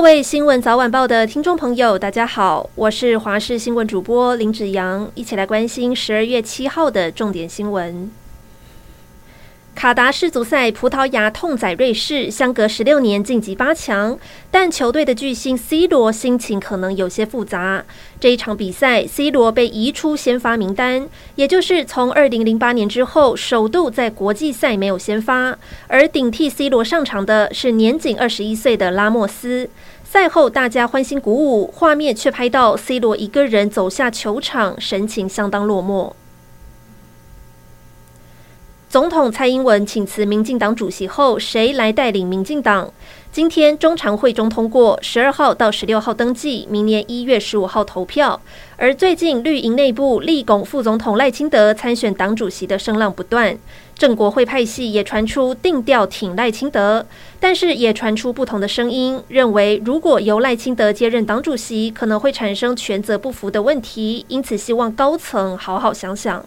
各位《新聞早晚報》的聽眾朋友，大家好，我是華視新聞主播林子陽，一起來關心十二月七號的重點新聞。卡達世足賽，葡萄牙痛宰瑞士，相隔十六年晉級八強，但球隊的巨星 C 羅心情可能有些複雜。這一場比賽，C 羅被移出先發名單，也就是從二零零八年之後，首度在國際賽沒有先發。而頂替 C 羅上場的是年僅二十一歲的拉莫斯。賽後大家歡欣鼓舞，畫面卻拍到 C 羅一個人走下球場，神情相當落寞。總統蔡英文請辭民進黨主席後，誰來帶領民進黨？今天中常會中通過，十二號到十六號登記，明年一月十五號投票。而最近綠營內部力拱副總統賴清德參選黨主席的聲浪不斷，正國會派系也傳出定調挺賴清德，但是也傳出不同的聲音，認為如果由賴清德接任黨主席，可能會產生權責不符的問題，因此希望高層好好想想。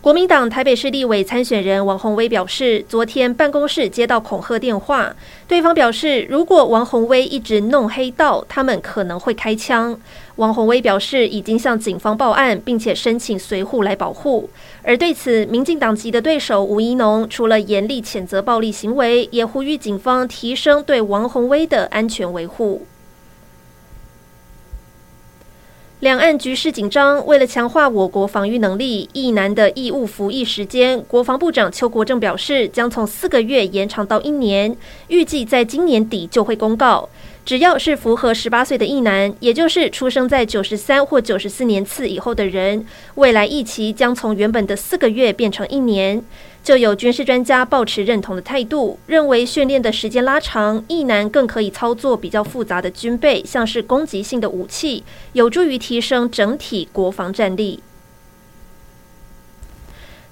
國民黨台北市立委參選人王鴻薇表示，昨天辦公室接到恐嚇電話，對方表示，如果王鴻薇一直弄黑道，他們可能會開槍。王鴻薇表示，已經向警方報案，並且申請隨扈來保護。而對此，民進黨籍的對手吳怡農除了嚴厲譴責暴力行為，也呼籲警方提升對王鴻薇的安全維護。兩岸局勢緊張，為了強化我國防禦能力，役男的義務服役時間，國防部長邱國正表示，將從四個月延長到一年，預計在今年底就會公告。只要是符合十八歲的役男，也就是出生在九十三或九十四年次以後的人，未來役期將從原本的四個月變成一年。就有軍事專家抱持認同的態度，認為訓練的時間拉長，役男更可以操作比較複雜的軍備，像是攻擊性的武器，有助於提升整體國防戰力。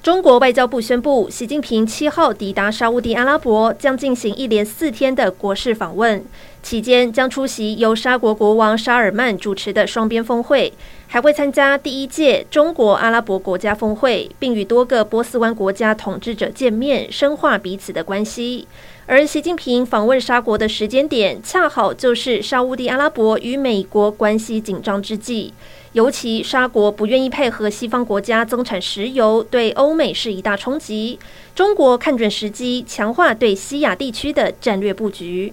中國外交部宣布，習近平七號抵達沙烏地阿拉伯，將進行一連四天的國事訪問。期間將出席由沙國國王沙爾曼主持的雙邊峰會，還會參加第一屆中國阿拉伯國家峰會，並與多個波斯灣國家統治者見面，深化彼此的關係。而習近平訪問沙國的時間點，恰好就是沙烏地阿拉伯與美國關係緊張之際，尤其沙國不願意配合西方國家增產石油，對歐美是一大衝擊。中國看準時機，強化對西亞地區的戰略布局。